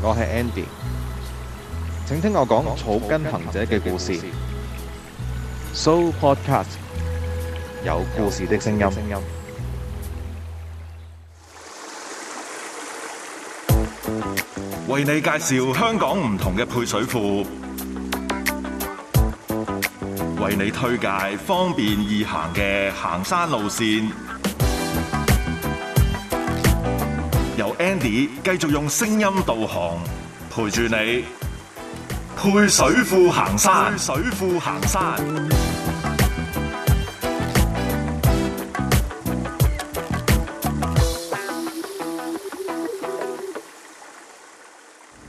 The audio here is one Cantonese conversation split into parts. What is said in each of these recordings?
我係 Andy，請聽我講草根行者嘅故事。So Podcast 有故事的聲音，為你介紹香港唔同嘅配水庫，為你推介方便易行嘅行山路線。由 Andy 繼續用聲音導航陪住你，配水庫行山。配水庫行山。行山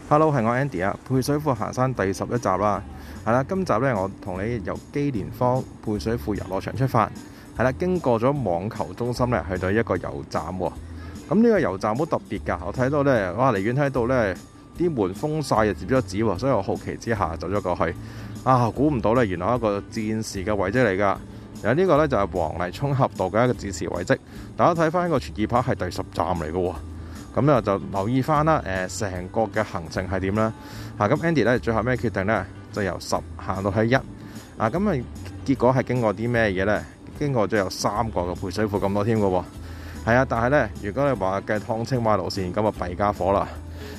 Hello，係我 Andy 啊！配水庫行山第十一集啦，係啦，今集呢，我同你由基蓮坊配水庫遊樂場出發，係啦，經過咗網球中心呢，去到一個油站喎。咁呢個油站好特別㗎，我睇到咧，哇！離遠睇到咧，啲門封晒，又接咗紙喎，所以我好奇之下走咗過去。啊，估唔到咧，原來一個戰士嘅遺蹟嚟㗎。有呢個咧就係、是、黃泥涌峽道嘅一個戰士遺蹟。大家睇翻個傳意牌係第十站嚟㗎喎，咁咧就留意翻啦。成、呃、個嘅行程係點啦啊，咁 Andy 咧最後咩決定咧？就由十行到喺一。啊，咁啊結果係經過啲咩嘢咧？經過咗有三個嘅配水庫咁多添㗎喎。係啊，但係咧，如果你話嘅趟青馬路線咁啊，弊家伙啦。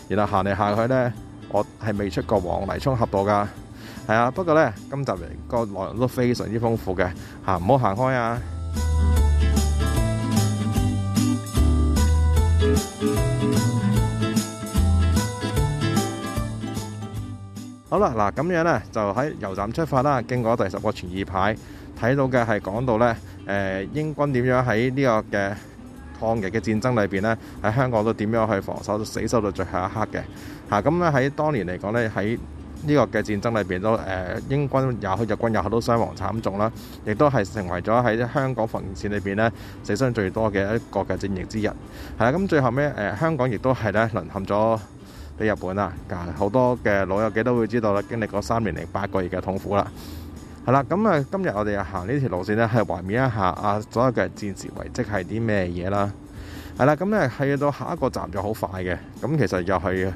然後行嚟行去咧，我係未出過黃泥涌峽道噶。係啊，不過咧，今集嘅內容都非常之豐富嘅吓，唔好行開啊。好啦，嗱，咁樣咧就喺油站出發啦，經過第十個傳意牌，睇到嘅係講到咧，誒、呃，英軍點樣喺呢個嘅。抗日嘅戰爭裏邊咧，喺香港都點樣去防守，死守到最後一刻嘅嚇。咁咧喺當年嚟講咧，喺呢個嘅戰爭裏邊都，誒，英軍有，日軍有好多傷亡慘重啦，亦都係成為咗喺香港防線裏邊咧，死傷最多嘅一個嘅戰役之一。係啦，咁最後咧，誒，香港亦都係咧淪陷咗俾日本啦。好多嘅老友記都會知道啦，經歷過三年零八個月嘅痛苦啦。係啦，咁啊，今日我哋行呢條路線咧，係懷緬一下啊，所有嘅戰時遺跡係啲咩嘢啦？係啦，咁咧去到下一個站就好快嘅。咁其實又係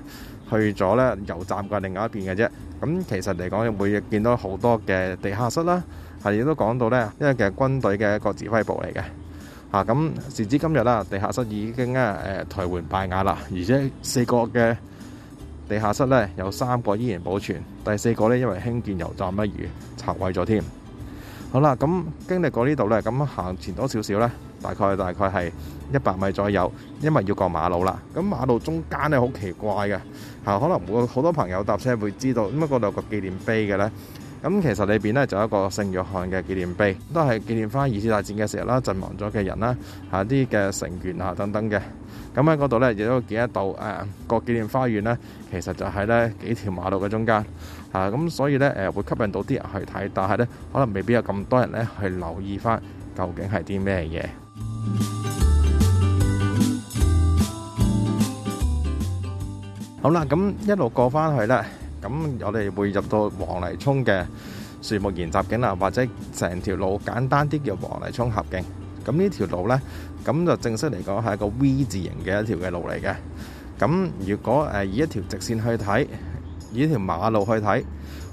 去咗咧油站嘅另外一邊嘅啫。咁其實嚟講，每日見到好多嘅地下室啦，亦都講到咧，因為其實軍隊嘅一個指揮部嚟嘅吓。咁時至今日啦，地下室已經咧誒頹垣敗瓦啦，而且四個嘅地下室咧有三個依然保存，第四個咧因為興建油站不如。泊位咗添，好啦，咁經歷過呢度咧，咁行前多少少咧，大概大概係一百米左右，因為要過馬路啦。咁馬路中間咧好奇怪嘅，吓可能會好多朋友搭車會知道，咁啊嗰度有個紀念碑嘅咧。咁其實裏邊咧就有一個聖約翰嘅紀念碑，都係紀念翻二次大戰嘅時候啦，陣亡咗嘅人啦，吓啲嘅成員啊等等嘅。咁喺嗰度咧亦都見得到，誒，個紀念花園咧，其實就喺咧幾條馬路嘅中間。啊，咁所以咧，誒會吸引到啲人去睇，但係咧可能未必有咁多人咧去留意翻究竟係啲咩嘢。好啦，咁一路過翻去啦，咁我哋會入到黃泥涌嘅樹木研習徑啦，或者成條路簡單啲叫黃泥涌峽徑。咁呢條路咧，咁就正式嚟講係一個 V 字形嘅一條嘅路嚟嘅。咁如果誒以一條直線去睇。以條馬路去睇，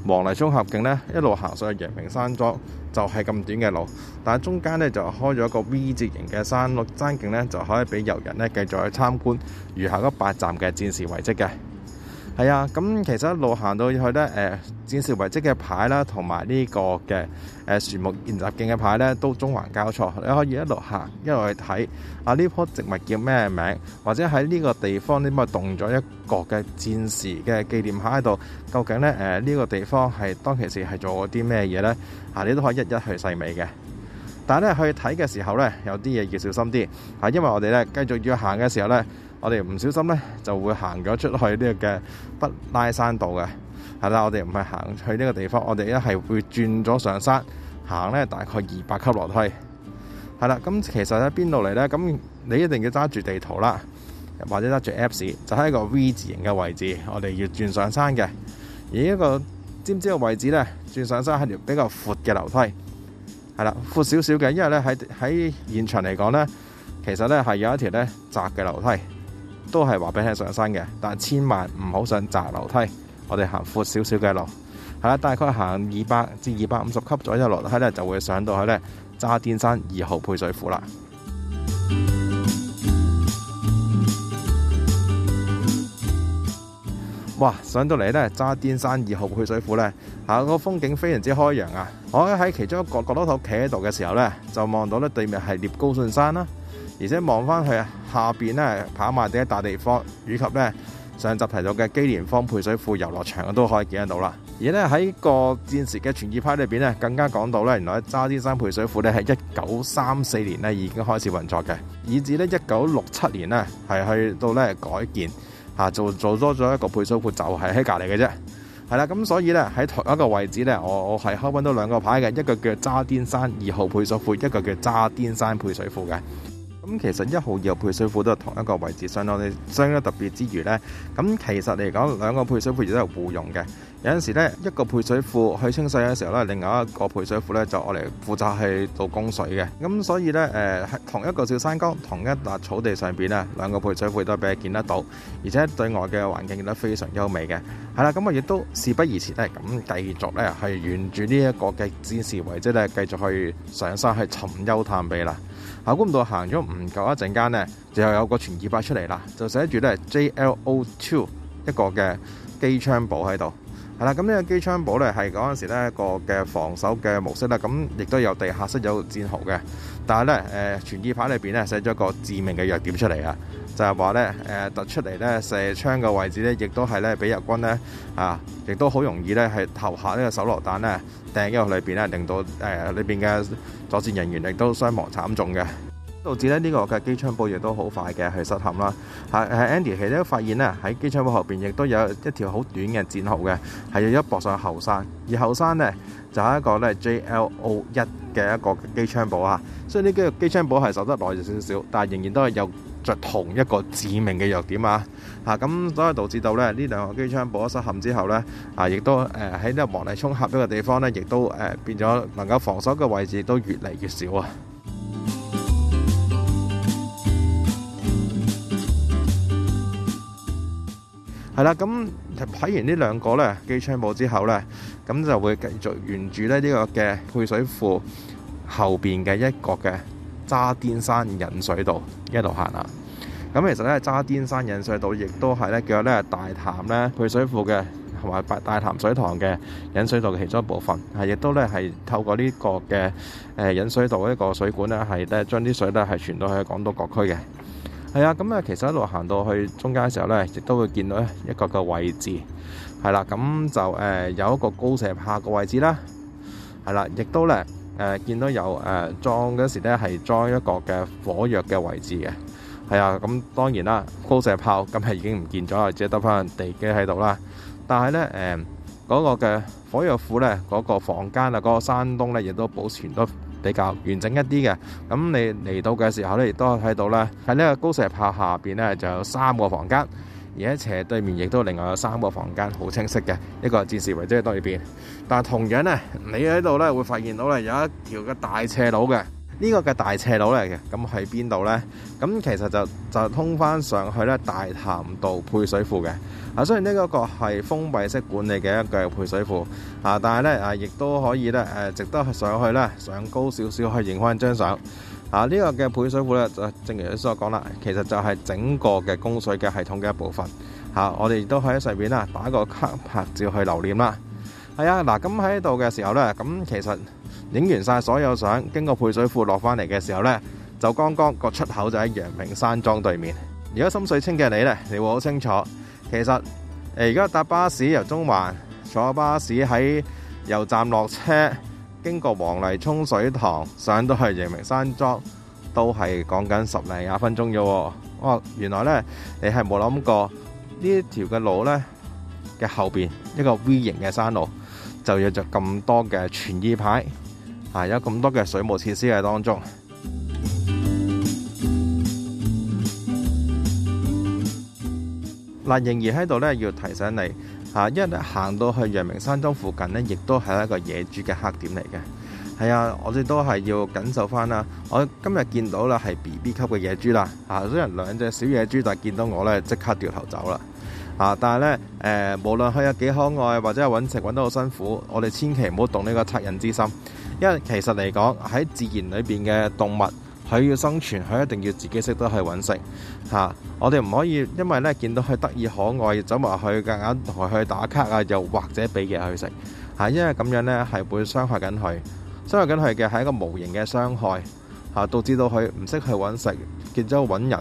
黃泥涌峽徑呢一路行上陽明山莊，就係、是、咁短嘅路，但係中間呢，就開咗一個 V 字形嘅山路。山徑呢，就可以俾遊人咧繼續去參觀餘下嗰八站嘅戰時遺蹟嘅。係啊，咁其實一路行到去咧，誒、呃、戰時遺蹟嘅牌啦，同埋呢個嘅誒樹木研習徑嘅牌咧，都縱橫交錯，你可以一路行一路去睇啊。呢棵植物叫咩名？或者喺呢個地方點解動咗一個嘅戰時嘅紀念牌喺度？究竟咧呢、呃這個地方係當其時係做過啲咩嘢咧？啊，你都可以一一去細味嘅。但咧去睇嘅時候咧，有啲嘢要小心啲，係因為我哋咧繼續要行嘅時候咧，我哋唔小心咧就會行咗出去呢個嘅畢拉山道嘅。係啦，我哋唔係行去呢個地方，我哋一係會轉咗上山行咧，走大概二百級樓梯。係啦，咁其實喺邊度嚟咧？咁你一定要揸住地圖啦，或者揸住 Apps，就係一個 V 字形嘅位置，我哋要轉上山嘅。而一、呢個尖尖嘅位置咧？轉上山係條比較闊嘅樓梯。係啦，闊少少嘅，因為咧喺喺現場嚟講咧，其實咧係有一條咧窄嘅樓梯，都係話俾你上山嘅，但千萬唔好上窄樓梯，我哋行闊少少嘅路，係啦，大概行二百至二百五十級左右樓梯咧，就會上到去咧渣甸山二號配水庫啦。哇！上到嚟咧，渣甸山二號配水庫咧，吓、啊那個風景非常之開揚啊！我喺其中一個角落度企喺度嘅時候咧，就望到咧對面係聶高信山啦、啊，而且望翻去下邊咧跑馬地一笪地方，以及咧上集提到嘅基廉坊配水庫遊樂場，都可以見得到啦。而咧喺個戰時嘅傳意牌裏邊咧，更加講到咧，原來渣甸山配水庫咧係一九三四年咧已經開始運作嘅，以至咧一九六七年咧係去到咧改建。啊，做做多咗一個配水庫就係喺隔離嘅啫，係啦，咁所以呢，喺同一個位置呢，我我係開揾到兩個牌嘅，一個叫渣甸山二號配水庫，一個叫渣甸山配水庫嘅。咁其實一號二號配水庫都係同一個位置，相當啲，相當特別之餘呢。咁其實嚟講兩個配水庫亦都有互用嘅。有陣時咧，一個配水庫去清洗嘅時候咧，另外一個配水庫咧就我嚟負責去做供水嘅。咁所以咧，喺同一個小山崗、同一笪草地上面，呢兩個配水庫都係俾你見得到，而且對外嘅環境都非常優美嘅。係啦，咁我亦都事不宜遲咧，咁繼續咧係沿住呢一個嘅指示位置咧，繼續去上山去尋幽探秘啦。估唔到行咗唔夠一陣間咧，就有個傳記牌出嚟啦，就寫住咧 J L O Two 一個嘅機槍堡喺度。係啦，咁呢個機槍堡咧係嗰陣時咧一個嘅防守嘅模式啦，咁亦都有地下室、有戰壕嘅，但係咧誒傳意牌裏邊咧寫咗個致命嘅弱點出嚟啊，就係話咧誒突出嚟咧射槍嘅位置咧，亦都係咧俾日軍咧啊，亦都好容易咧係投下呢個手榴彈咧，掟喺個裏邊咧，令到誒裏邊嘅作戰人員亦都傷亡慘重嘅。導致咧呢個嘅機槍堡亦都好快嘅去失陷啦。Andy 其實都發現咧喺機槍堡後邊亦都有一條好短嘅戰壕嘅，係要一駁上後山。而後山咧就係一個咧 JLO 一嘅一個機槍堡啊。所以呢個機槍堡係守得耐少少，但係仍然都係有着同一個致命嘅弱點啊。咁所以導致到咧呢兩個機槍堡失陷之後咧，啊，亦都誒喺呢個黃泥涌合呢個地方咧，亦都誒變咗能夠防守嘅位置都越嚟越少啊。係啦，咁睇完兩呢兩個咧機槍堡之後咧，咁就會繼續沿住咧呢個嘅配水庫後面嘅一角嘅渣甸山引水道一路行啦。咁其實咧，渣甸山引水道亦都係咧叫做咧大潭咧配水庫嘅，同埋大潭水塘嘅引水道嘅其中一部分，亦都咧係透過呢個嘅誒、呃、引水道一個水管咧，係咧將啲水咧係傳到喺港島各區嘅。係啊，咁啊，其實一路行到去中間嘅時候咧，亦都會見到一個個位置，係啦，咁就誒有一個高射炮嘅位置啦，係啦，亦都咧誒見到有誒裝嗰時咧係裝一個嘅火藥嘅位置嘅，係啊，咁當然啦，高射炮今日已經唔見咗啦，只係得翻地基喺度啦，但係咧誒嗰個嘅火藥庫咧嗰個房間啊嗰個山洞咧亦都保存得。比較完整一啲嘅，咁你嚟到嘅時候咧，亦都可以睇到啦，喺呢個高石炮下邊咧就有三個房間，而喺斜對面亦都另外有三個房間，好清晰嘅，一個是戰時遺蹟喺對面，但係同樣咧，你喺度咧會發現到咧有一條嘅大斜路嘅。呢個嘅大斜路嚟嘅，咁喺邊度呢？咁其實就就通翻上去呢大潭道配水庫嘅。啊，雖然呢一個係封閉式管理嘅一個配水庫，啊，但係呢啊，亦都可以咧誒，值得上去呢上高少少去影翻張相。啊，呢、呢個嘅配水庫呢，就正如你所講啦，其實就係整個嘅供水嘅系統嘅一部分。嚇、啊，我哋都可以喺上邊啦，打個卡拍照去留念啦。係啊，嗱，咁喺度嘅時候呢，咁其實。影完晒所有相，經過配水庫落返嚟嘅時候呢，就剛剛個出口就喺陽明山莊對面。如果心水清嘅你呢，你會好清楚其實誒，而家搭巴士由中環坐巴士喺油站落車，經過黃泥涌水塘上到去陽明山莊，都係講緊十零廿分鐘啫。哦，原來呢，你係冇諗過呢條嘅路呢嘅後面，一個 V 型嘅山路，就有着咁多嘅傳意牌。啊！有咁多嘅水務設施喺當中，嗱，仍然喺度呢。要提醒你吓，因為行到去陽明山莊附近呢，亦都係一個野豬嘅黑點嚟嘅。係啊，我哋都係要緊守翻啦。我今日見到啦，係 BB 級嘅野豬啦。啊，雖然兩隻小野豬，但係見到我呢，即刻掉頭走啦。啊，但係呢，誒，無論佢有幾可愛，或者係揾食揾得好辛苦，我哋千祈唔好動呢個惻隱之心。因為其實嚟講，喺自然裏邊嘅動物，佢要生存，佢一定要自己識得去揾食嚇、啊。我哋唔可以，因為呢見到佢得意可愛，走埋去夾硬同佢去打卡啊，又或者俾嘢佢食嚇、啊，因為咁樣呢係會傷害緊佢，傷害緊佢嘅係一個無形嘅傷害嚇、啊，導致到佢唔識去揾食，見咗揾人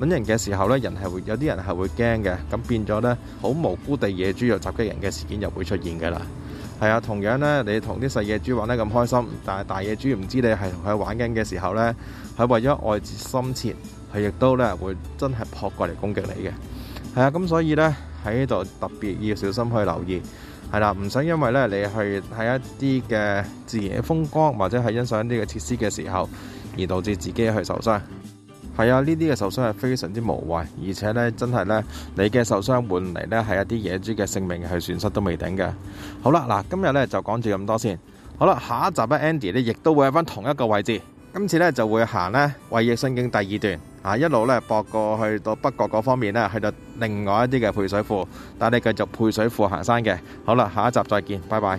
揾人嘅時候呢，人係會有啲人係會驚嘅，咁變咗呢，好無辜地野豬又襲擊人嘅事件又會出現㗎啦。係啊，同樣咧，你同啲細野豬玩得咁開心，但係大野豬唔知你係同佢玩緊嘅時候咧，佢為咗愛子心切，佢亦都咧會真係撲過嚟攻擊你嘅。係啊，咁所以咧喺呢度特別要小心去留意，係啦，唔想因為咧你去睇一啲嘅自然嘅風光，或者係欣賞一啲嘅設施嘅時候，而導致自己去受傷。係啊，呢啲嘅受傷係非常之無謂，而且咧真係咧你嘅受傷換嚟咧係一啲野豬嘅性命係損失都未頂嘅。好啦，嗱今日咧就講住咁多先。好啦，下一集咧 Andy 咧亦都會喺翻同一個位置，今次咧就會行咧衞奕信徑第二段啊，一路咧駁過去到北角嗰方面咧，去到另外一啲嘅配水庫，帶你繼續配水庫行山嘅。好啦，下一集再見，拜拜。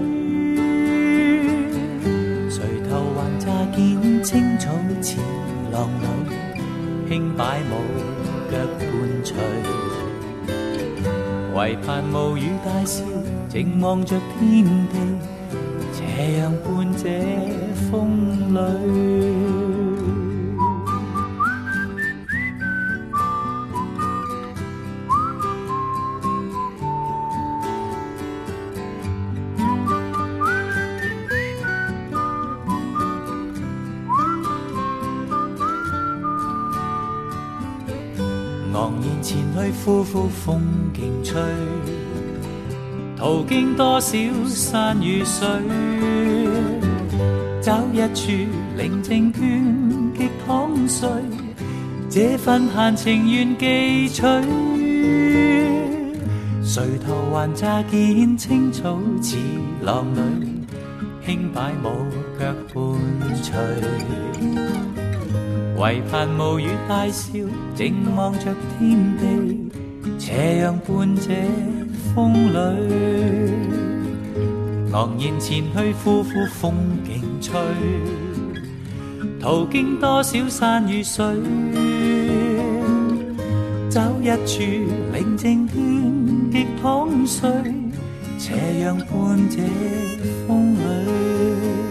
擺舞，腳伴隨，唯盼無雨大笑，靜望着天地，斜陽伴這風裏。呼呼風勁吹，途經多少山與水，找一處寧靜倦極躺睡，這份閒情願記取。垂頭還乍見青草似浪堆，輕擺舞腳伴隨。唯盼無雨大笑，靜望着天地，斜陽伴這風裏，昂然前去，呼呼風勁吹，途經多少山與水，找一處寧靜倦極躺睡，斜陽伴這風裏。